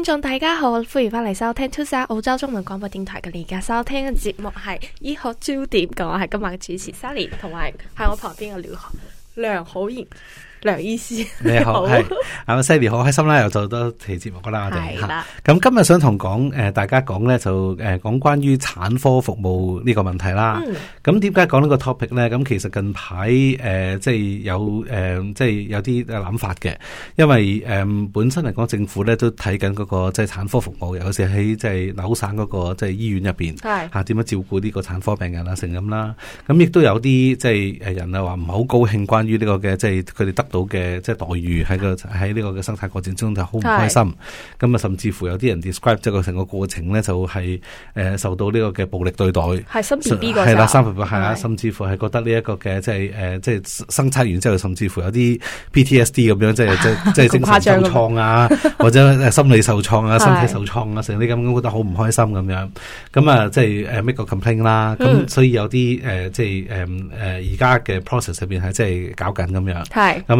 聽眾大家好，歡迎翻嚟收聽《TUSA 澳洲中文廣播電台》嘅你而家收聽嘅節目係醫學焦點，我係今日嘅主持 Sally，同埋喺我旁邊嘅梁梁浩然。梁醫師，你好，係阿 Sandy，好開心啦，又做多期節目噶啦，我哋係啦。咁的、啊、今日想同講，誒、呃，大家講咧就，誒、呃，講關於產科服務呢個問題啦。咁點解講呢個 topic 咧？咁其實近排，誒、呃，即係有，誒、呃，即係有啲諗、呃、法嘅。因為，誒、呃，本身嚟講，政府咧都睇緊嗰個即係產科服務，有時喺即係紐省嗰、那個即係醫院入邊，係吓點樣照顧呢個產科病人啊，成咁啦。咁、嗯、亦、嗯、都有啲即係誒人啊話唔係好高興關於、這個，關於呢個嘅即係佢哋得。到嘅即係待遇喺個喺呢個嘅生產過程中就好唔開心，咁啊甚至乎有啲人 describe 即個成個過程咧就係誒受到呢個嘅暴力對待，係生 B B 啦，三伏伏啊，甚至乎係覺得呢一個嘅即係誒即係生產完之後甚至乎有啲 PTSD 咁樣即係即係精神受創啊，或者心理受創啊，身體受創啊，成啲咁覺得好唔開心咁樣咁啊即係誒 make 個 complain 啦，咁所以有啲誒即係誒誒而家嘅 process 入邊係即係搞緊咁樣。係咁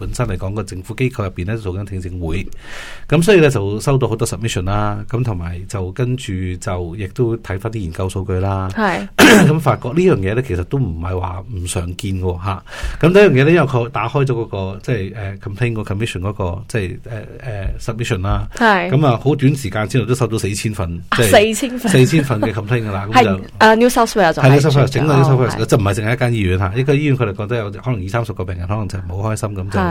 本身嚟講個政府機構入邊咧做緊聽證會，咁所以咧就收到好多 submission 啦，咁同埋就跟住就亦都睇翻啲研究數據啦，係咁是、 嗯、發覺呢樣嘢咧其實都唔係話唔常見嘅吓，咁呢樣嘢咧因為佢打開咗嗰、那個即係誒 complain 個 uh, uh, commission 嗰個即係誒誒 submission 啦，係咁啊好短時間之後都收到四千份，四千、啊、份四千份嘅 complain 噶啦，咁、 uh, new South Wales s o t w 就 w a e 整個 new s o f e 就唔係淨係一間醫院吓，的一個醫院佢哋覺得有可能二三十個病人，可能就唔好開心咁就。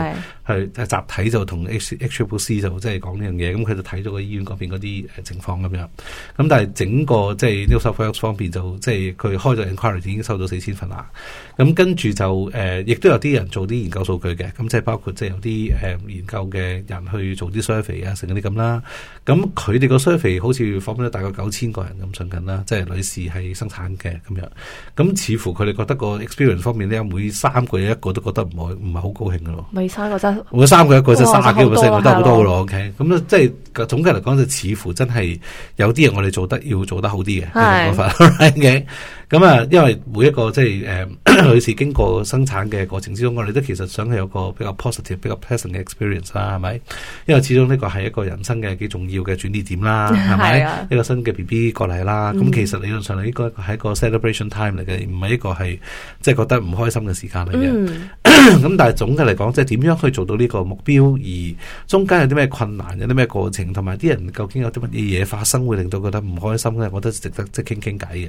係，係是集體就同 HCCC 就即係講呢樣嘢，咁佢就睇咗個醫院嗰邊嗰啲情況咁樣。咁但係整個即係 New South Wales 方面就，就即係佢開咗 inquiry 已經收到四千份啦。咁跟住就誒，亦、呃、都有啲人做啲研究數據嘅。咁即係包括即係有啲誒研究嘅人去做啲 survey 啊，成嗰啲咁啦。咁佢哋個 survey 好似訪問咗大概九千個人咁，上緊啦，即係女士係生產嘅咁樣。咁似乎佢哋覺得個 experience 方面呢，每三個月一個都覺得唔係唔係好高興嘅咯。三個真，我三個一個就三廿幾個四，唔、哦、得好多嘅咯。OK，咁即係總體嚟講就似乎真係有啲嘢我哋做得要做得好啲嘅，係，OK 的。 咁啊、嗯，因為每一個即係誒女士經過生產嘅過程之中，我哋都其實想係有個比較 positive、比較 pleasant 嘅 experience 啦，係咪？因為始終呢個係一個人生嘅幾重要嘅轉折點啦，係咪？啊、一個新嘅 BB 過嚟啦，咁、嗯嗯、其實理論上呢個係一個 celebration time 嚟嘅，唔係一個係即係覺得唔開心嘅時間嚟嘅。咁、嗯、咳咳但係總嘅嚟講即係點樣去做到呢個目標，而中間有啲咩困難，有啲咩過程，同埋啲人究竟有啲乜嘢嘢發生，會令到覺得唔開心咧，我覺得值得即係傾傾偈嘅。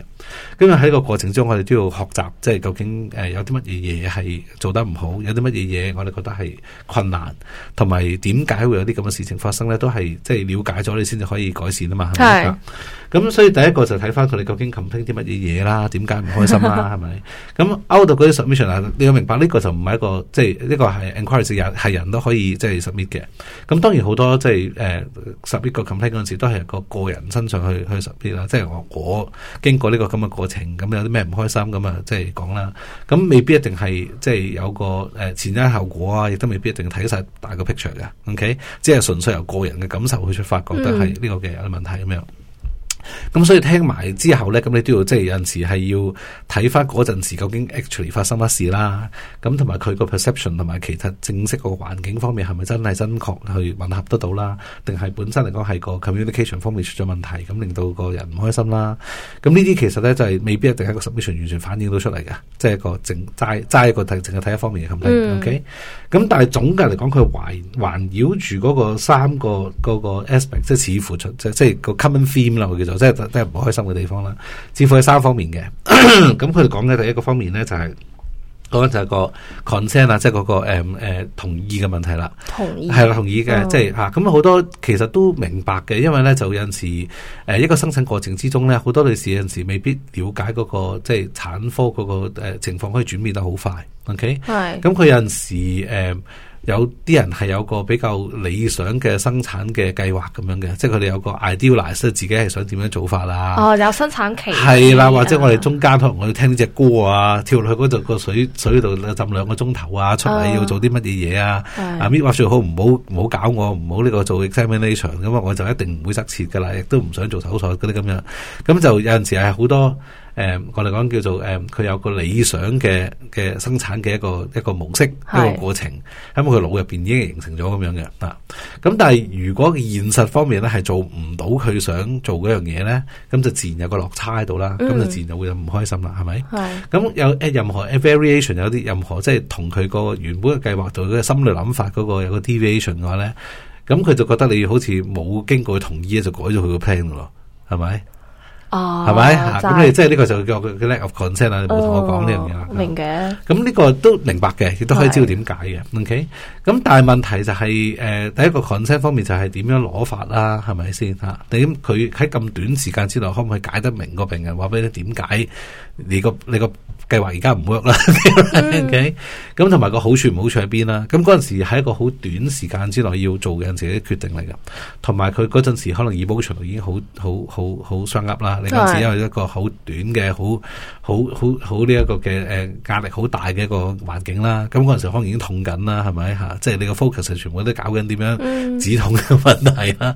咁、就、喺、是呢個過程中，我哋都要學習，即係究竟誒有啲乜嘢嘢係做得唔好，有啲乜嘢嘢我哋覺得係困難，同埋點解會有啲咁嘅事情發生呢？都係即係了解咗，你先至可以改善啊嘛，係。咁所以第一個就睇翻佢哋究竟 complain 啲乜嘢嘢啦，點解唔開心啦，係咪？咁 out 到嗰啲 submission 啊， submission，你要明白呢個就唔係一個，即係呢個係 enquiry 係人都可以即係、就是、submit 嘅。咁當然好多即係誒 submit 個 complain 嗰陣時，都係個個人身上去去 submit 啦，即、就、係、是、我經經過呢個咁嘅過程，咁有啲咩唔開心咁啊，即係講啦。咁未必一定係即係有個誒前因後果啊，亦都未必一定睇晒大個 picture 嘅。OK，即係純粹由個人嘅感受去出發，覺得係呢個嘅有啲問題咁樣、嗯。咁所以聽埋之後咧，咁你都要即係有陣時係要睇翻嗰陣時究竟 actually 發生乜事啦，咁同埋佢個 perception 同埋其實正式個環境方面係咪真係真確去混合得到啦？定係本身嚟講係個 communication 方面出咗問題，咁令到個人唔開心啦。咁呢啲其實咧就係、是、未必一定一個 solution 完全反映到出嚟嘅，即係一個整齋齋一個睇淨係睇一方面嘅 content。O K. 咁但係總嘅嚟講，佢環環繞住嗰個三個嗰個 aspect，即係似乎出即係個 common theme 啦，我即係都係唔開心嘅地方啦，至少係三方面嘅。咁佢哋講嘅第一個方面咧就係、是、嗰個 concern，就係、那個 concern 啊，即係嗰個誒同意嘅問題啦。同意係啦意，同意嘅，即係嚇咁好多其實都明白嘅，因為咧就有陣時誒、呃、一個生產過程之中咧，好多女士有陣時未必了解嗰、那個即係、就是、產科嗰、那個、呃、情況可以轉變得好快。OK，係咁佢有陣時誒。嗯。有啲人係有個比較理想嘅生產嘅計劃咁樣嘅，即係佢哋有個 idealise 自己係想點樣做法啦哦，有生產期係啦，或者我哋中間可能我要聽呢隻歌啊，跳落去嗰度個水水度浸兩個鐘頭啊，出嚟要做啲乜嘢嘢啊？哦、啊，咩話的最好唔好唔好搞我，唔好呢個做 examination 咁啊，我就一定唔會塞切噶啦，亦都唔想做手術嗰啲咁樣。咁就有陣時係好多。誒、嗯，我哋講叫做誒，佢、嗯、有個理想嘅嘅生產嘅一個一個模式，是一個過程，因為佢腦入邊已經形成咗咁樣嘅，啊，咁但係如果現實方面咧係做唔到佢想做嗰樣嘢咧，咁就自然有個落差喺度啦，咁就自然就會有唔開心啦，係咪、嗯？係咁有任何 variation 有啲任何即係同佢個原本嘅計劃度嘅心理諗法嗰、嗰個有個 deviation 嘅話咧，咁佢就覺得你好似冇經過佢同意就改咗佢個 plan 咯，係咪？哦，係咪吓？咁你即係呢個就叫佢佢 lack of consent 啦，冇同我講呢樣嘢啦。明嘅，咁呢個都明白嘅，亦都可以知道點解嘅。是 OK，咁但係問題就係，是，誒、呃，第一個 consent 方面就係點樣攞法啦，啊，係咪先吓？點佢喺咁短時間之內可唔可以解得明個病人，話俾你點解你個你個？計劃而家唔 work 啦，咁同埋個好處唔好處喺邊啦？咁嗰陣時係一個好短時間之內要做嘅自己決定嚟噶，同埋佢嗰陣時可能二保床度已經好好好好相噏啦。你嗰時係一個好短嘅好好好好呢一個嘅誒壓力好大嘅一個環境啦。咁嗰陣時可能已經痛緊啦，係咪吓？即係你個 focus 係全部都搞緊點樣止痛嘅問題啦。誒、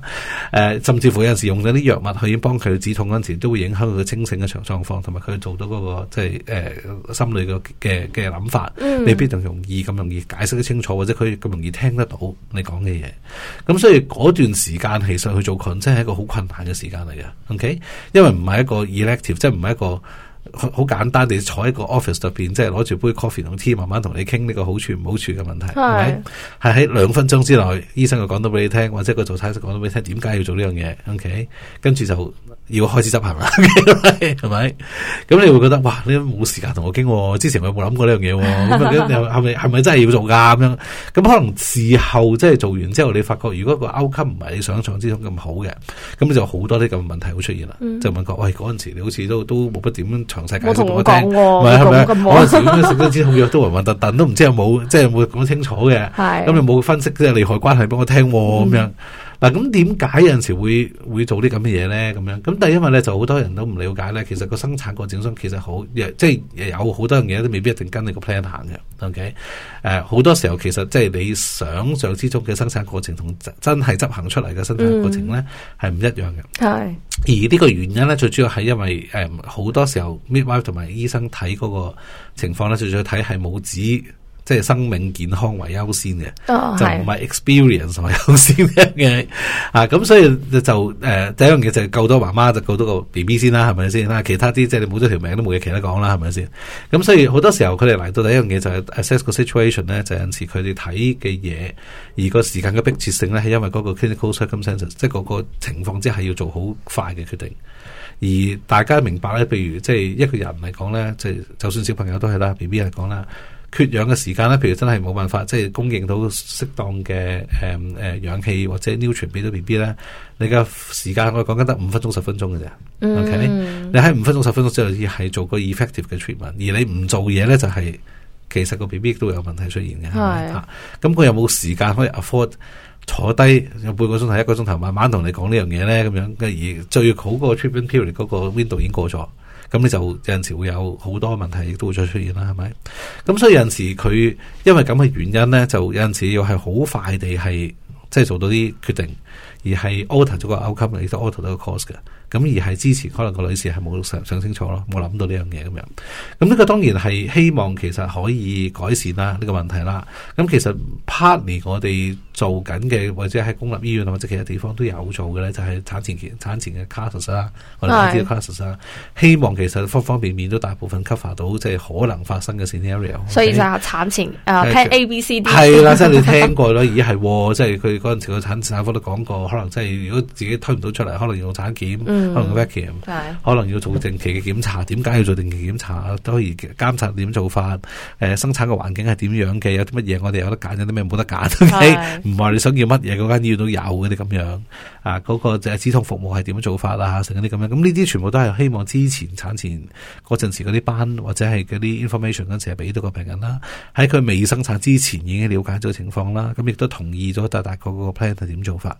嗯， 甚至乎有陣時用咗啲藥物去幫佢止痛嗰陣時，都會影響佢清醒嘅狀狀況，同埋佢做咗、嗰個即係誒。就是呃心裏嘅嘅嘅諗法，未、mm. 必就容易咁容易解釋得清楚，或者佢咁容易聽得到你講嘅嘢。咁所以嗰段時間其實去做 c 真係係一個好困難嘅時間嚟嘅，OK？因為唔係一個 elective，即係唔係一個。好簡單地坐喺個 office 入邊，即係攞住杯 coffee 同 tea，慢慢同你傾呢個好處唔好處嘅問題，係喺兩分鐘之內，醫生就講到俾你聽，或者個助產士講到俾你聽，點解要做呢樣嘢？OK，跟住就要開始執行啦，係咪？咁 你會覺得哇，你冇時間同我傾，之前我冇諗過呢樣嘢，咁係咪係咪真係要做噶？咁樣咁可能事後即係、就是、做完之後，你發覺如果個 outcome 唔係你想象之中咁好嘅，咁就好多啲咁嘅問題會出現啦，嗯、就問過喂嗰陣時你好似都都冇乜點。詳細解釋俾我聽，唔係，係咪？嗰陣時食咗啲止痛藥都混混搭搭，都唔知有冇，即係冇講清楚嘅。咁你冇分析即係利害關係俾我聽咁樣是嗱咁點解有陣時會會做啲咁嘅嘢咧？咁樣咁，第一因為咧就好多人都唔了解咧，其實個生產過程中其實好，即係有好多樣嘢都未必一定跟你個 plan 行嘅。O K，誒好多時候其實即係你想象之中嘅生產過程同真係執行出嚟嘅生產過程咧係唔一樣嘅。係，嗯，而呢個原因咧最主要係因為誒好多時候 Midwife 同埋醫生睇嗰個情況咧，最主要睇係拇指。即係生命健康為優先嘅，oh, 就唔係 experience 為優先嘅是 啊！咁所以就誒，第一樣嘢就，就救到媽媽就救到個 B B 先啦，係咪先啦？其他啲即係你冇咗條命都冇嘢，其他講啦，係咪先？咁所以好多時候佢哋嚟到第一樣嘢就係 assess 個 situation 咧，就有陣時佢哋睇嘅嘢，而個時間嘅迫切性咧，係因為嗰個 clinical circumstances 即係個個情況之下要做好快嘅決定。而大家明白咧，譬如即係、就是、一個人嚟講咧，即係就算小朋友都係啦，B B 嚟講啦。缺氧嘅時間咧，譬如真係冇辦法，即係供應到適當嘅、嗯嗯、氧氣或者 nutrient 俾到 B B 咧，你嘅時間我講緊得五分鐘、十分鐘嘅啫。嗯、OK，你喺五分鐘、十分鐘之後要係做個 effective 嘅 treatment，而你唔做嘢咧，就係、是、其實個 B B 都會有問題出現嘅。係啊是，咁佢有冇時間可以 afford 坐低有半個鐘頭、一個鐘頭，慢慢同你講呢樣嘢咧，咁樣。而最好個 treatment period 嗰個 window 已經過咗。咁你就有陣時會有好多問題，亦都會再出現啦，係咪？咁所以有陣時佢因為咁嘅原因咧，就有陣時要係好快地係即係做到啲決定，而係 alter 咗個 outcome，亦都 alter 咗個 cause 嘅。咁而係之前可能個女士係冇想想清楚咯，冇諗到呢樣嘢，咁樣。咁呢個當然係希望其實可以改善啦呢個問題啦。咁其實 partly 我哋。做緊嘅或者喺公立醫院或者其他地方都有做嘅咧，就係、是、產前檢、產前嘅卡拉啦。我哋者呢啲卡拉 s 啦，希望其實方方面面都大部分 cover 到即係可能發生嘅 scenario、okay？所以就係產前啊 p a n A B C D 係啦，即係的 你聽過咯，而係即係佢嗰陣時個產婦科都講過，可能即係如果自己推唔到出嚟，可能用產檢，嗯、可能 vacuum，的可能要做定期嘅檢查。點解要做定期檢查？都可以監察點做法，呃、生產嘅環境係點樣嘅？有啲乜嘢我哋有得揀，有啲咩冇得揀？是 唔話你想要乜嘢，嗰間醫院都有嗰啲咁樣啊，嗰、那個就係止痛服務係點樣做法啦、啊，成嗰啲咁樣。咁呢啲全部都係希望之前產前嗰陣時嗰啲班或者係嗰啲 information 嗰陣時係俾到個病人啦，喺佢未生產之前已經了解咗情況啦，咁、啊、亦、嗯、都同意咗大大概個 plan 係點做法。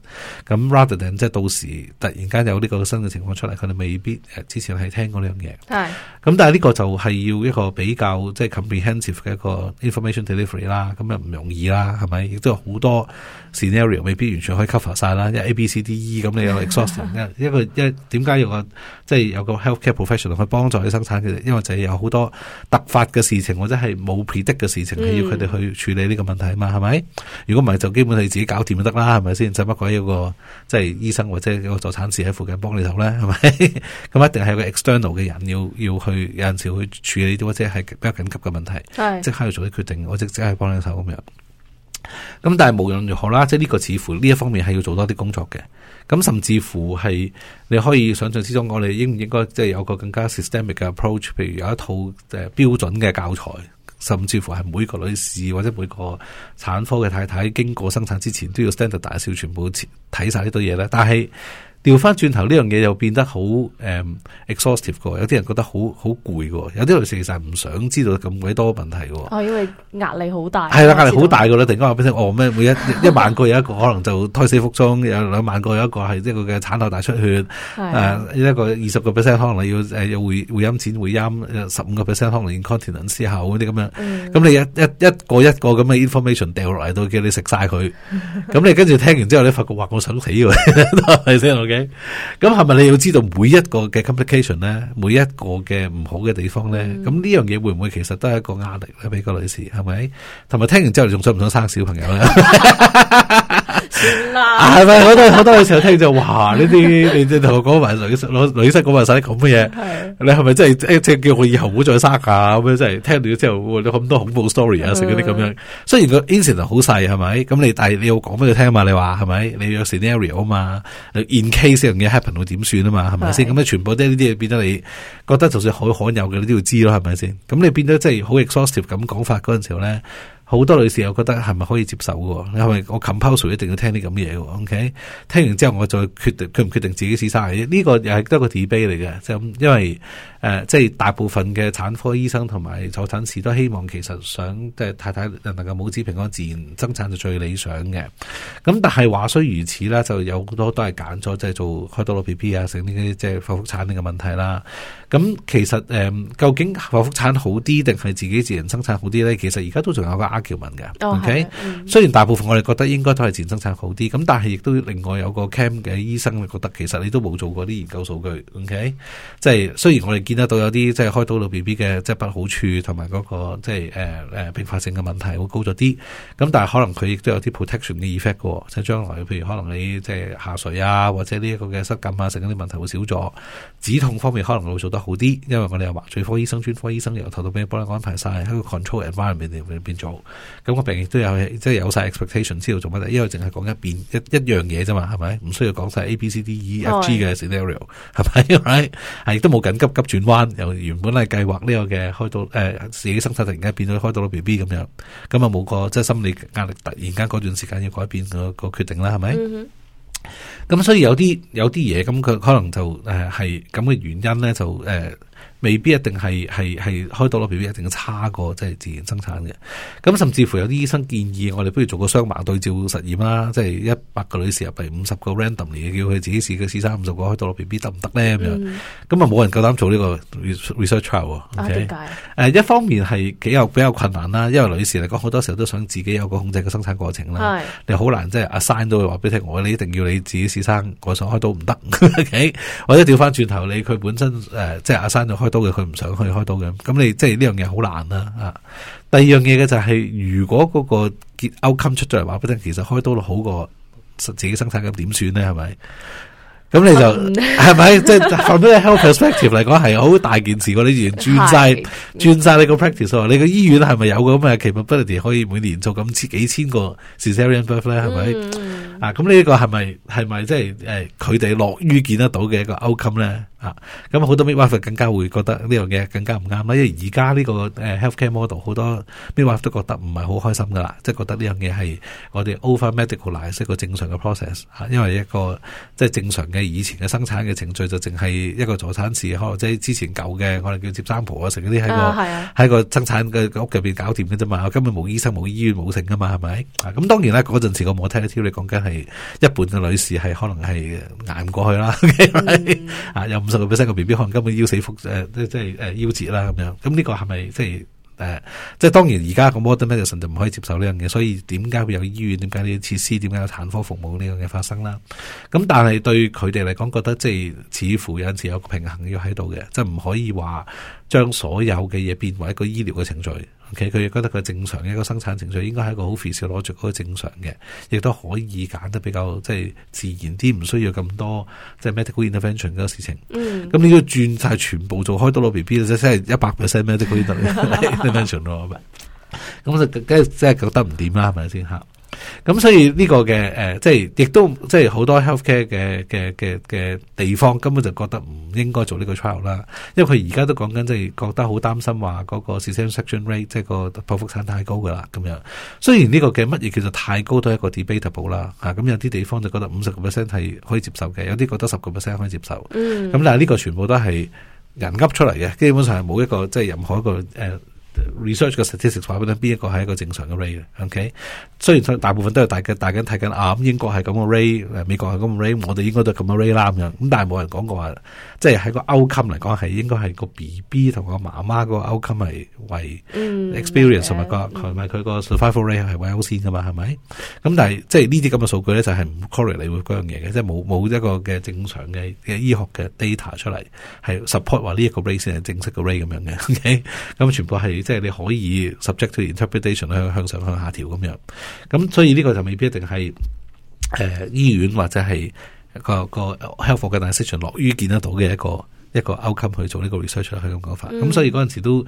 咁、啊、rather than，即係到時突然間有呢個新嘅情況出嚟，佢哋未必之前係聽過呢樣嘢。係是。咁、嗯、但係呢個就係要一個比較即係、就是、comprehensive 嘅一個 information delivery 啦、啊，咁又唔容易啦，係咪？亦都有好多，scenario 未必完全可以 cover 晒啦， 因為 A、B、C、D、E 咁你有 exhaustion，因為因為點解要個即係有個 healthcare professional 去幫助你生產嘅？因為就係有好多突發嘅事情或者係冇 predict 嘅事情，係要佢哋去處理呢個問題啊嘛，係咪、嗯？如果唔係就基本上自己搞掂就得啦，係咪先？只不過要個即係醫生或者個助產士喺附近幫你手咧，係咪？咁 一定係有個 external 嘅人要要去有陣時去處理，或者係比較緊急嘅問題，即刻要做啲決定，我即即刻去幫你手咁樣。咁但係無論如何啦，即係呢個似乎呢一方面係要做多啲工作嘅。咁甚至乎係你可以想象之中，我哋應唔應該即係有個更加 systemic 嘅 approach，譬如有一套誒標準嘅教材，甚至乎係每個女士或者每個產科嘅太太經過生產之前都要 standard 大小全部睇晒呢堆嘢咧。但係。調翻轉頭呢樣嘢又變得好誒 exhaustive 㗎，嗯、exhaust ive，有啲人覺得好好攰㗎，有啲人其實唔想知道咁鬼多問題喎、哦。因為壓力好大。係啦的，壓力好大㗎啦，突然間話俾你咩？每一 一,一萬個有一個可能就胎死腹中，有兩萬個有一個係即係佢嘅產後大出血，的啊，一個二十個 percent 可能要誒要回會陰剪、會陰十五個 percent 可能要 incontinence 思考嗰啲咁樣。咁、嗯、你一一一個一個咁嘅 information 掉落嚟都叫你食晒佢。咁 你跟住聽完之後，你發覺話我想死喎， 咁係咪你要知道每一個嘅 complication 咧，每一個嘅唔好嘅地方咧？咁呢樣嘢會唔會其實都係一個壓力咧？俾個女士係咪？同埋聽完之後仲想唔想生小朋友咧？算係咪？好多好多嘅時候聽就哇呢啲，你即係同我講埋女 女醫生講埋晒啲恐怖嘅嘢，你係咪真係即係叫我以後唔好再生啊？咁樣真係聽到之後，你咁多恐怖 story 啊，成嗰啲咁樣。雖然個 incident 好細，係咪？咁你但係你要講俾佢聽嘛？你話係咪？你要有 scenario 啊嘛？呢四樣嘢 happen 到點算啊嘛，係咪先？咁你是全部都係呢啲嘢，變咗你覺得就算好罕有嘅，你都要知咯，係咪先？咁你變咗即係好 exhaustive 咁講法嗰陣時候咧，好多女士又覺得係咪可以接受嘅？因為我 composure 一定要聽啲咁嘅嘢，OK？聽完之後我再決定，佢唔決定自己試晒。呢個又係得個 debate 嚟嘅，咁因為。誒、呃，即係大部分嘅產科醫生同埋助產士都希望，其實想即係太太能夠母子平安，自然生產就最理想嘅。咁但係話雖如此啦，就有好多都係揀咗即係做開刀咯 b p 啊，成呢啲即係剖腹產呢個問題啦。咁、嗯、其實誒、嗯，究竟剖腹產好啲定係自己自然生產好啲咧？其實而家都仲有一個 argument 嘅。O K，雖然大部分我哋覺得應該都係自然生產好啲，咁但係亦都另外有個 camp 嘅醫生覺得，其實你都冇做過啲研究數據。O、okay? K，即係雖然我哋見。而家到有啲即係開刀到 B B 嘅即係不好處同埋嗰個即係誒誒併發性嘅問題會高咗啲，咁但係可能佢亦都有啲 protection 嘅 effect 嘅，即係將來譬如可能你即係下水啊，或者呢一個嘅失禁啊，成啲問題會少咗。止痛方面可能會做得好啲，因為我哋有麻醉科醫生、專科醫生由頭到尾幫你安排晒，喺個 control environment 裏邊做。咁、那個病亦都有即係有晒 expectation 知道做乜，因為淨係講一邊一一樣嘢啫嘛，係咪？唔需要講晒 A B C D E F G 嘅 scenario 係咪？係亦都冇緊急急轉。由原本係計劃呢個嘅開到誒、呃，自己生產突然間變咗開到咗 B B 咁樣，咁啊冇個即係心理壓力，突然間嗰段時間要改變、個個決定啦，係咪？咁、嗯、哼所以有啲有啲嘢，咁佢可能就誒係咁嘅原因咧，就誒。呃未必一定係係係開刀攞 B B 一定要差過即係自然生產嘅，咁甚至乎有啲醫生建議我哋不如做個雙盲對照實驗啦，即係一百個女士入嚟，五十個 randomly 叫佢自己試佢試生五十個開刀攞 B B 得唔得咧咁樣，咁啊冇人夠膽做呢個 research 啊？點解 okay?、啊？誒，一方面係幾有比較困難啦，因為女士嚟講好多時候都想自己有個控制嘅生產過程啦，是你好難即係阿生都會話俾你聽，我你一定要你自己試生，我想開刀唔得，或者調翻轉頭你佢本身誒、呃、即係阿生。就開。開刀嘅佢唔想去開刀嘅，咁你即係呢樣嘢好難啦啊！第二樣嘢嘅就係、是，如果嗰個 outcome 出咗嚟話，畀你聽其實開刀好過自己生產嘅，點算呢？係咪？咁你就係咪？ 即係 from health perspective 嚟講，係好大件事。你啲人轉晒轉晒你個 practice 你個醫院係咪有嘅 capability 可以每年做咁幾千個 cesarean birth 咧，係咪？ 啊，咁、嗯、呢、啊這個個係，咪係咪即係誒佢哋樂於見得到嘅一個 outcome 呢？咁、啊、好、啊、多 midwife 更加會覺得呢樣嘢更加唔啱啦。因為而家呢個誒 healthcare model 好多 midwife 都覺得唔係好開心噶啦，即係覺得呢樣嘢係我哋 overmedical 化 e 一個正常嘅 process，啊、因為一個即係、就是、正常嘅以前嘅生產嘅程序就淨係一個助產士，可能即係之前舊嘅我哋叫接生婆啊，成嗰啲喺個喺、啊、個生產嘅屋入面搞掂嘅啫嘛，根本冇醫生冇醫院冇剩噶嘛，係咪？咁、啊啊啊、當然啦，嗰陣時我冇聽得你講緊。係一半嘅女士係可能係捱唔過去啦，啊有五十個 percent 嘅 B B 可能根本夭死腹、覆誒即即係誒夭折啦咁樣，咁呢個係咪即係即係當然而家個 modern medicine 就唔可以接受呢樣嘢，所以點解會有醫院？點解呢啲設施？點解有產科服務呢樣嘢發生啦？咁但係對佢哋嚟講，覺得即係似乎有陣時有一個平衡要喺度嘅，即係唔可以話將所有嘅嘢變為一個醫療嘅程序。佢佢亦覺得佢正常嘅一個生產程序，應該係一個好 feasible 攞住嗰個正常嘅，亦都可以揀得比較即係自然啲，唔需要咁多即係 medical intervention 嗰個事情。嗯，咁你要轉曬全部做開刀攞 B B，即係一百 percent medical intervention 咯， 咁就梗即係覺得唔掂啦，係咪先吓？咁所以呢個嘅誒，即係亦都即係好多 healthcare 嘅嘅嘅嘅地方，根本就覺得唔應該做呢個 trial 啦。因為佢而家都講緊，即係覺得好擔心話嗰個 caesarean section rate 即係個剖腹產太高噶啦。咁樣雖然呢個嘅乜嘢叫做太高都係一個 debatable 啦。吓咁有啲地方就覺得五十個 percent 係可以接受嘅，有啲覺得十個 percent 可以接受。嗯。咁但係呢個全部都係人噏出嚟嘅，基本上係冇一個即係任何一個誒。research 嘅 statistics 話俾你聽，邊一個係一個正常嘅 rate OK 雖然大部分都有大家大家睇緊啊，英國係咁嘅 rate 美國係咁嘅 rate 我哋應該都咁嘅 rate 啦咁樣，咁但係冇人講過話，即係喺個 outcome 嚟講係應該係個 BB 同個媽媽個 outcome 係為 experience 同埋佢個,、嗯、個 survival rate 係為優先㗎嘛？係咪？咁但係即係呢啲咁嘅數據咧，就係唔 correlate 會回嗰樣嘢嘅，即係冇冇一個嘅正常嘅嘅醫學嘅 data 出嚟，係 support 話呢一個 rate 先係正式嘅 rate 咁樣嘅。OK，咁全部係。即係你可以 subject to interpretation 向向上向下調咁樣，咁所以呢個就未必一定係誒、呃、醫院或者係個個 health 嘅大市場樂於見得到嘅一個。一個 outcome 去做呢個 research、嗯、去咁講法，咁、嗯、所以嗰陣時都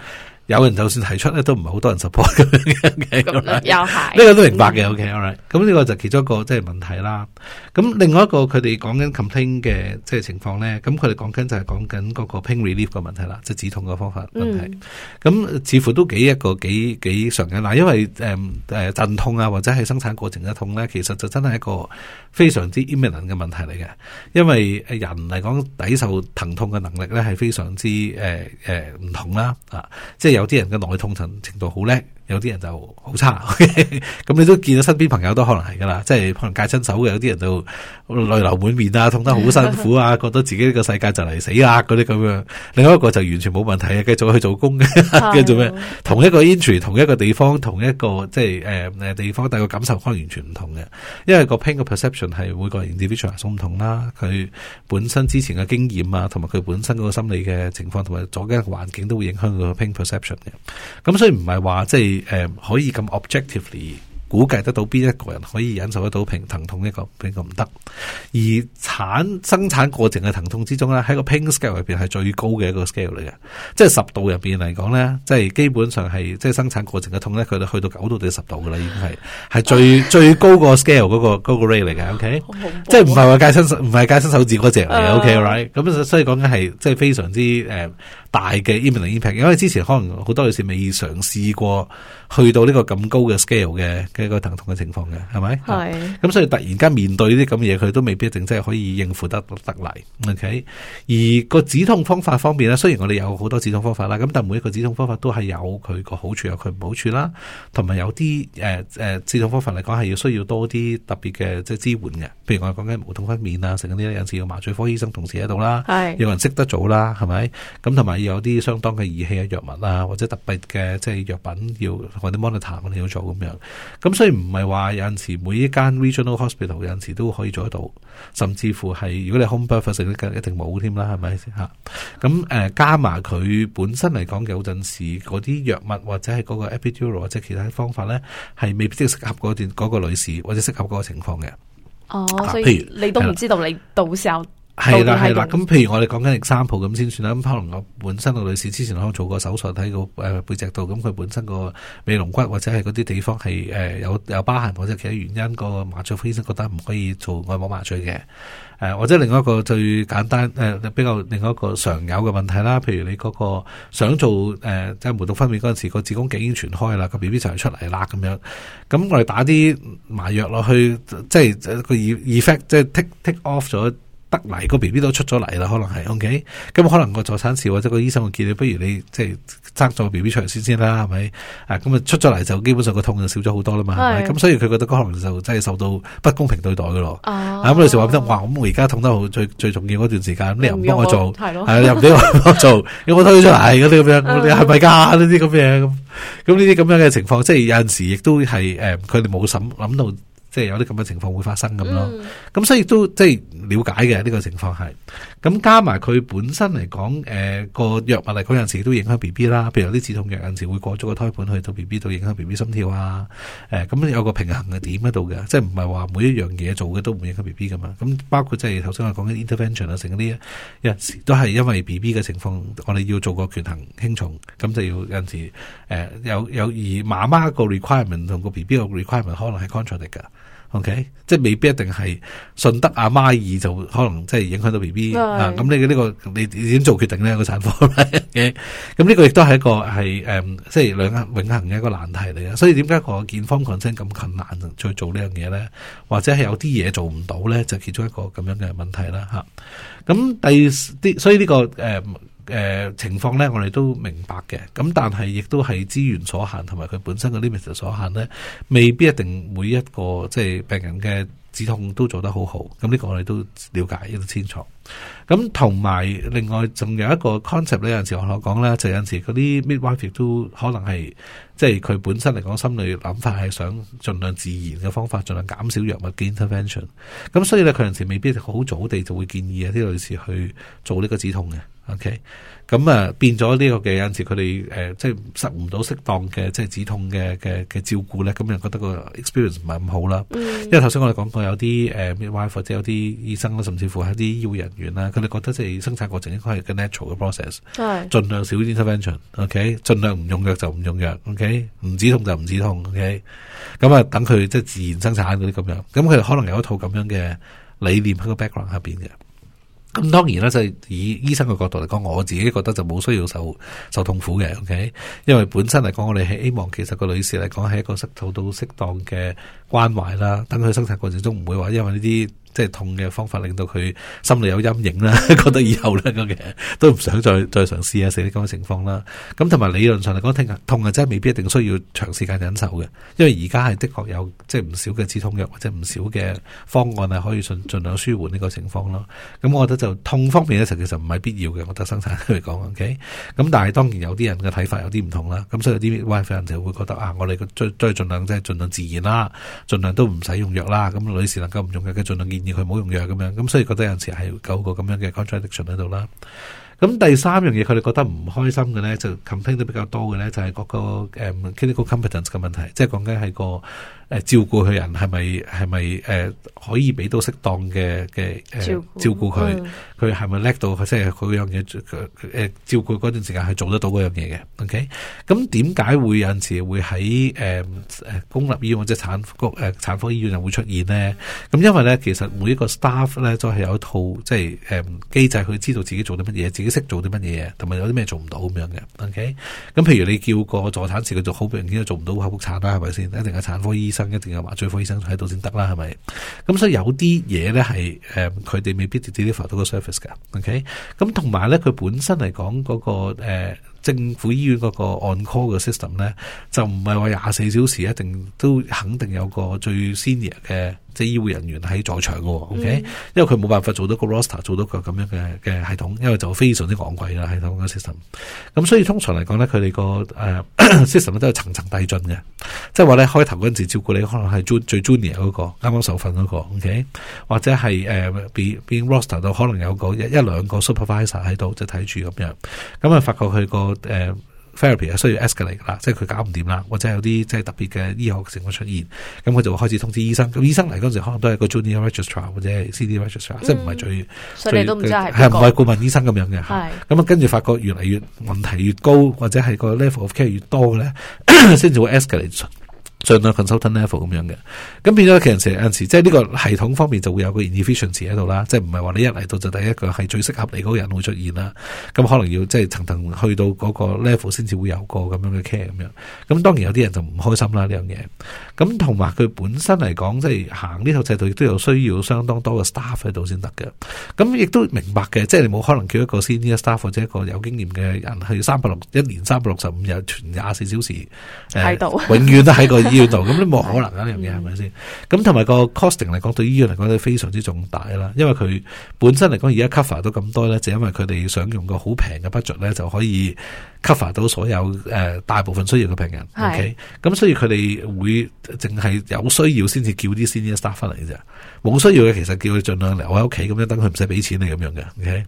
有人就算提出咧，都唔係好多人 support 咁樣嘅。係呢個都明白嘅。OK，alright，咁呢個就其中一個即係問題啦。咁另外一個佢哋講緊 complain 嘅即係情況咧，咁佢哋講緊就係講緊嗰個 pain relief 嘅問題啦，即、就、係、是、止痛嘅方法問題。咁、嗯、似乎都幾一個幾幾常嘅嗱，因為誒誒、嗯啊、陣痛啊或者係生產過程嘅痛咧，其實就真係一個非常之 imminent 嘅問題嚟嘅，因為人嚟講抵受疼痛嘅能力咧係非常之誒誒唔同啦，啊，即係有啲人嘅耐痛程程度好叻。有啲人就好差，咁 你都見到身邊朋友都可能係噶啦，即係可能戒親手嘅，有啲人就淚流滿面啊，痛得好辛苦啊，覺得自己呢個世界就嚟死啊嗰啲咁樣。另外一個就完全冇問題啊，繼續去做工嘅， 是的 繼續做咩？同一個 injury，同一個地方，同一個即係誒誒地方，但個感受可能完全唔同嘅，因為個 pain 嘅 perception 係每個人 individual 係唔同啦。佢本身之前嘅經驗啊，同埋佢本身嗰個心理嘅情況同埋阻隔嘅環境都會影響佢個 pain perception 嘅。咁所以唔係話即係。誒、嗯，可以咁 objectively 估計得到邊一個人可以忍受得到平疼痛，一個比個唔得。而產生產過程嘅疼痛之中咧，喺個 pain scale 入邊係最高嘅一個 scale 嚟嘅，即係十度入邊嚟講咧，即係基本上係即係生產過程嘅痛咧，佢都去到九度定十度噶啦，已經係係最 最高 scale、嗰個 scale 嗰個個 rate 嚟嘅。O、okay? K，、啊、即係唔係話介身手唔係介身手指嗰隻嚟嘅。O K，right，咁所以講緊係即係非常之誒。嗯大嘅 human impact，因為之前可能好多女士未嘗試過，去到呢個咁高嘅 scale 嘅嘅一個疼痛嘅情況嘅，係咪？咁是、啊、所以突然間面對呢啲咁嘅嘢，佢都未必一定真係可以應付得得嚟。OK，而個止痛方法方面咧，雖然我哋有好多止痛方法啦，咁但係每一個止痛方法都係有佢個好處，有佢唔好處啦，同埋有啲誒、呃呃、止痛方法嚟講係要需要多啲特別嘅即係支援嘅，譬如我哋講緊無痛分娩啊，成啲有時要麻醉科醫生同時喺度啦，係是，有人識得做啦，係咪？咁同埋。有啲相當嘅儀器啊、藥物啊，或者特別嘅即係藥品要，要或者 Monitor 你要做咁樣。咁所以唔係話有陣時每一間 regional hospital 有陣時都可以做得到，甚至乎係如果你 home birth 性質一定冇添啦，係咪先嚇？咁誒加埋佢本身嚟講，有陣時嗰啲藥物或者係嗰個 epidural 或者其他方法咧，係未必即係適合段嗰個女士或者適合嗰個情況嘅。哦，所以你都唔知道你到時候。係啦，係啦。咁譬如我哋講緊 example 咁先算啦。咁可能我本身個女士之前可能做過手術，那個，喺個誒背脊度，咁佢本身個尾龍骨或者係嗰啲地方係誒、呃、有有疤痕或者其他原因，個麻醉科醫生覺得唔可以做外膜麻醉嘅。誒、呃，或者另外一個最簡單誒、呃，比較另外一個常有嘅問題啦。譬如你嗰個想做誒即係無痛分娩嗰陣時，個子宮頸已經全開啦，個 B B 就出嚟啦，咁樣。咁我哋打啲麻藥落去，即係個 effect 即係 take take off 咗。得嚟、個 B B 都出咗嚟啦，可能係，OK，咁可能個助產士或者個醫生會建議，不如你即係爭咗個 B B 出嚟先先啦，係咪？啊，咁啊出咗嚟就基本上個痛就少咗好多啦嘛，係咪？咁是所以佢覺得可能就真係受到不公平對待噶咯。咁有、啊啊、時話俾人話，咁我而家痛得好最最重要嗰段時間，你又唔幫我做，係又唔俾我做，有對了 我推出嚟嗰啲咁樣，啊、你係咪噶呢啲咁嘅咁？咁呢啲咁樣嘅情況，即係有陣時亦都係誒，佢哋冇諗諗到。即係有啲咁嘅情況會發生咁咯，咁、嗯、所以都即係了解嘅呢、這個情況係。咁加埋佢本身嚟講，誒、呃、個藥物嚟講，有時都影響 B B 啦。譬如有啲止痛藥，有時會過咗個胎盤去到 B B 度，影響 B B 心跳啊。誒、呃、咁有個平衡嘅點喺度嘅，即係唔係話每一樣嘢做嘅都唔影響 B B 噶嘛？咁包括即係頭先我講啲 intervention 啊，成嗰啲有時都係因為 B B 嘅情況，我哋要做個權衡輕重，咁就要有時誒、呃、有有而媽媽個 requirement 同個 B B 個 requirement 可能係 contradict 噶。OK，即係未必一定係順德阿媽而就可能即係影響到 B B 對啊，咁你呢、這個你點做決定呢、呢個產科咁呢 個亦都係一個係誒、嗯，即係兩永恒嘅一個難題嚟嘅，所以點解個健康抗爭咁困難去做呢樣嘢咧？或者係有啲嘢做唔到咧，就其中一個咁樣嘅問題啦吓。咁、嗯、第啲，所以呢、這個誒。嗯誒、呃、情況咧，我哋都明白嘅。咁但係，亦都係資源所限，同埋佢本身嘅 limit 所限咧，未必一定每一個即係病人嘅止痛都做得好好。咁呢個我哋都了解，亦都清楚。咁同埋另外，仲有一個 concept 呢，有時候我，我講呢，就是、有陣時嗰啲 midwife 亦都可能係即係佢本身嚟講，心理諗法係想盡量自然嘅方法，盡量減少藥物嘅 intervention。咁所以咧，佢有時未必好早地就會建議啊啲女士去做呢個止痛嘅。OK，咁啊變咗呢個嘅有陣時佢哋誒即係受唔到適當嘅即係止痛嘅嘅嘅照顧咧，咁又覺得個 experience 唔係咁好啦。因為頭先我哋講過有啲 midwife 或者有啲醫生啦，甚至乎係啲醫護人員啦，佢哋覺得即係生產過程應該係個 natural 嘅 process，盡量少啲 intervention，OK，盡量唔用藥就唔用藥，OK，唔止痛就唔止痛，OK，咁啊等佢即係自然生產嗰啲咁樣，咁佢哋可能有一套咁樣嘅理念喺個 background 入邊嘅。咁當然啦，就係以醫生嘅角度嚟講，我自己覺得就冇需要受受痛苦嘅，OK？因為本身嚟講，我哋係希望其實個女士嚟講係一個得到適當嘅關懷啦，等佢生產過程中唔會話因為呢啲。即係痛嘅方法，令到佢心裏有陰影啦，覺得以後咧，咁都唔想再再嘗試啊，死啲咁嘅情況啦。咁同埋理論上嚟講，聽下痛啊，真係未必一定需要長時間忍受嘅，因為而家係的確有即係唔少嘅止痛藥或者唔少嘅方案係可以盡量舒緩呢個情況咯。咁我覺得就痛方面咧，其實唔係必要嘅。我覺得生產嚟講，OK。咁但係當然有啲人嘅睇法有啲唔同啦。咁所以有啲 w i f i 人就會覺得啊，我哋最再盡量即係盡量自然啦，盡量都唔使用藥啦。咁女士能夠唔用藥嘅，盡量建議。而佢冇用藥咁樣，咁所以覺得有陣時係有個咁樣嘅 contradiction 喺度啦。咁第三樣嘢，佢哋覺得唔開心嘅咧，就 complain 得比較多嘅咧，就係嗰誒 clinical competence 嘅問題，即係講緊係個誒照顧佢人係咪係咪誒可以俾到適當嘅嘅誒照顧佢，佢係咪叻到佢即係佢樣嘢誒照顧嗰段時間係做得到嗰樣嘢嘅？OK，咁點解會有陣時會喺誒誒公立醫院或者產科誒產科醫院就會出現咧？咁因為咧，其實每一個 staff 咧都係有一套即係誒機制，佢知道自己做啲乜嘢，自己。識做啲乜嘢，同埋有啲咩做唔到咁樣嘅，OK？咁譬如你叫個助產士，佢做好明顯都做唔到剖腹產啦，係咪先？一定係產科醫生，一定係麻醉科醫生喺度先得啦，係咪？咁所以有啲嘢咧係誒，佢哋未必 deliver 到個 service 噶，OK？咁同埋咧，佢本身嚟講嗰個誒。呃政府醫院嗰個 on call 嘅 system 咧，就唔係話廿四小時一定都肯定有個最 senior 嘅即係醫護人員喺在場嘅，OK？、嗯、因為佢冇辦法做到個 roster，做到個咁樣嘅嘅系統，因為就非常之昂貴啦，系統嘅、那個、system。咁所以通常嚟講咧，佢哋個 system 都係層層遞進嘅，即係話咧，開頭嗰陣時候照顧你，可能係最 junior 嗰、那個啱啱受訓嗰、那個，OK？或者係誒變 roster 到可能有個一一兩個 supervisor 喺度就睇住咁樣，咁啊發覺佢個。誒，therapy 啊，需要 escalate 啦，即係佢搞唔掂啦，或者有啲即係特別嘅醫學情況出現，咁佢就會開始通知醫生。咁醫生嚟嗰陣時，可能都係個 junior registrar 或者 CD registrar，、嗯、即係唔係最所以係唔係顧問醫生咁樣嘅。咁啊是、嗯，跟住發覺越嚟越問題越高，或者係個 level of care 越多嘅咧，先 至會 escalate。盡量 consultant level 咁樣嘅，咁變咗其實有陣時即係呢個系統方面就會有個 inefficiency 喺度啦，即係唔係話你一嚟到就第一個係最適合你嗰個人會出現啦，咁可能要即係層層去到嗰個 level 先至會有個咁樣嘅 care 咁樣，咁當然有啲人就唔開心啦呢樣嘢，咁同埋佢本身嚟講即係行呢套制度亦都有需要相當多嘅 staff 喺度先得嘅，咁亦都明白嘅，即係你冇可能叫一個 senior staff 或者一個有經驗嘅人去三百六一年三百六十五日全廿四小時喺度，永遠都喺個。 醫院度咁都冇可能嘅呢、嗯、樣嘢係咪先？咁同埋個 costing 嚟講，對醫院嚟講都非常之重大啦。因為佢本身嚟講，而家 cover 到咁多咧，就因為佢哋想用個好平嘅 budget 咧，就可以 cover 到所有誒、呃、大部分需要嘅病人。O K，咁所以佢哋會淨係有需要先至叫啲 senior staff 嚟嘅啫。冇需要嘅其實叫佢盡量嚟，我喺屋企咁樣等佢唔使俾錢你咁樣嘅。O K，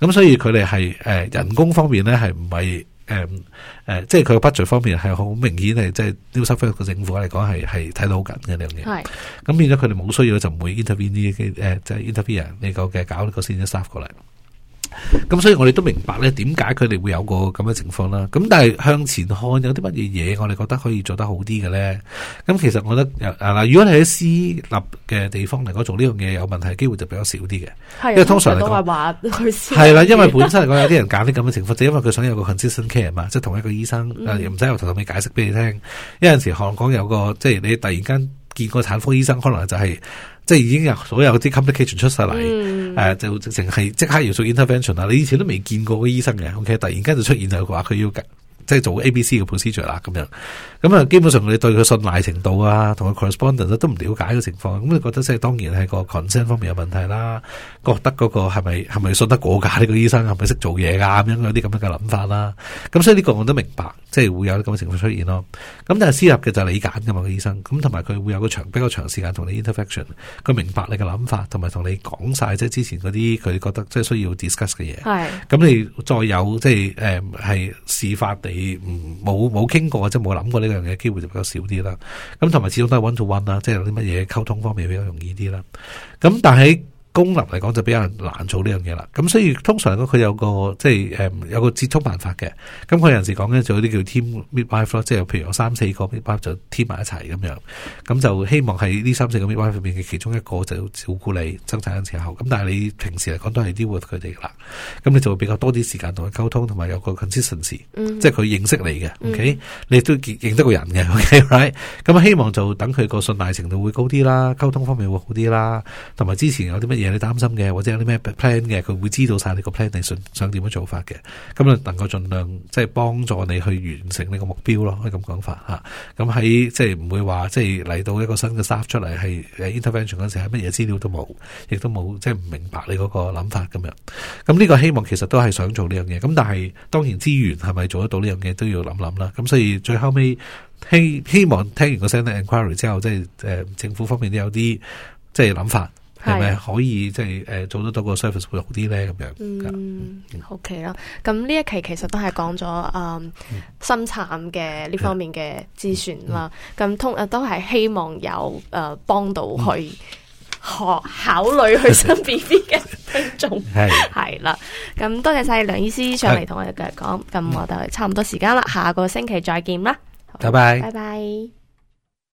咁所以佢哋係人工方面咧係唔係？是誒誒、嗯呃，即係佢個 budget 方面係好明顯，係即係 New South Wales 個政府嚟講，係係睇到好緊嘅呢樣嘢，係咁是變咗佢哋冇需要就唔會 intervene 嘅誒，即係 intervene 人嚟講嘅搞呢個 senior 嘅 staff 過嚟。咁所以我哋都明白咧，點解佢哋會有個咁嘅情況啦。咁但係向前看有啲乜嘢嘢，我哋覺得可以做得好啲嘅咧。咁其實我覺得嗱，如果你喺私立嘅地方嚟講做呢樣嘢，有問題嘅機會就比較少啲嘅。的因為通常嚟講，我話話去係啦，因為本身嚟講有啲人揀啲咁嘅情況， 就因為佢想有個 consistent care 嘛，即係同一個醫生，又唔使有頭頭尾解釋俾你聽。有陣時香港有個即係、就是、你突然間。見過產科醫生，可能就係、是、即係已經有所有啲 complication 出曬嚟、嗯啊，就直情係即刻要做 intervention 啦！你以前都未見過個醫生嘅，OK，突然間就出現就話佢要。即係做 A、B、C 嘅 procedure 啦，咁樣咁啊，基本上你對對佢信賴程度啊，同佢 correspondence 都唔了解嘅情況，咁、嗯、你覺得即係當然係個 consent 方面有問題啦。覺得嗰個係咪係咪信得過㗎？呢、這個醫生係咪識做嘢㗎？咁樣有啲咁樣嘅諗法啦。咁、嗯、所以呢個我都明白，即、就、係、是、會有咁嘅情況出現咯。咁但係私立嘅就係你揀㗎嘛，那個醫生咁同埋佢會有個長比較長時間同你 interaction，佢明白你嘅諗法，同埋同你講晒。即、就、係、是、之前嗰啲佢覺得即係需要 discuss 嘅嘢。係咁是、嗯、你再有即係係事發地。就是嗯唔冇冇傾過，即係冇諗過呢樣嘢，機會就比較少啲啦。咁同埋始終都係 one to one 啦，即係有啲乜嘢溝通方面比較容易啲啦。咁但係，功能嚟講就比較難做呢樣嘢啦，咁所以通常嚟講佢有個即係誒、嗯、有個接觸辦法嘅，咁佢有陣時講咧，就有啲叫 team midwife 咯，即係譬如有三四個 midwife 就 team 埋一齊咁樣，咁就希望喺呢三四個 midwife 入面嘅其中一個就要照顧你生產嘅時候，咁但係你平時嚟講都係 deal with 佢哋啦，咁你就會比較多啲時間同佢溝通，同埋有個 consistency，、嗯、即係佢認識你嘅，O K，你都認得個人嘅，O K，right，咁希望就等佢個信賴程度會高啲啦，溝通方面會好啲啦，同埋之前有啲乜嘢。你擔心嘅，或者有啲咩 plan 嘅，佢會知道晒你個 plan 你想點樣做法嘅，咁啊能夠盡量即係幫助你去完成呢個目標咯，咁講法吓。咁喺即係唔會話即係嚟到一個新嘅 staff 出嚟係 intervention 嗰陣時，乜嘢資料都冇，亦都冇即係唔明白你嗰個諗法咁樣。咁呢個希望其實都係想做呢樣嘢，咁但係當然資源係咪做得到呢樣嘢都要諗諗啦。咁所以最後尾希希望聽完個聲咧 i n q u i r y 之後，即係誒政府方面都有啲即係諗法。係咪可以即係誒做得多個 service 會好啲咧咁樣？嗯，嗯，OK 啦。咁呢一期其實都係講咗誒生產嘅呢方面嘅資訊啦。咁、嗯嗯、通誒都係希望有誒幫、呃、到去學考慮去生 BB 嘅聽眾係係啦。咁多謝晒梁醫師上嚟同我哋繼續講。咁的我哋差唔多時間啦，下個星期再見啦。拜拜拜拜。Bye bye bye bye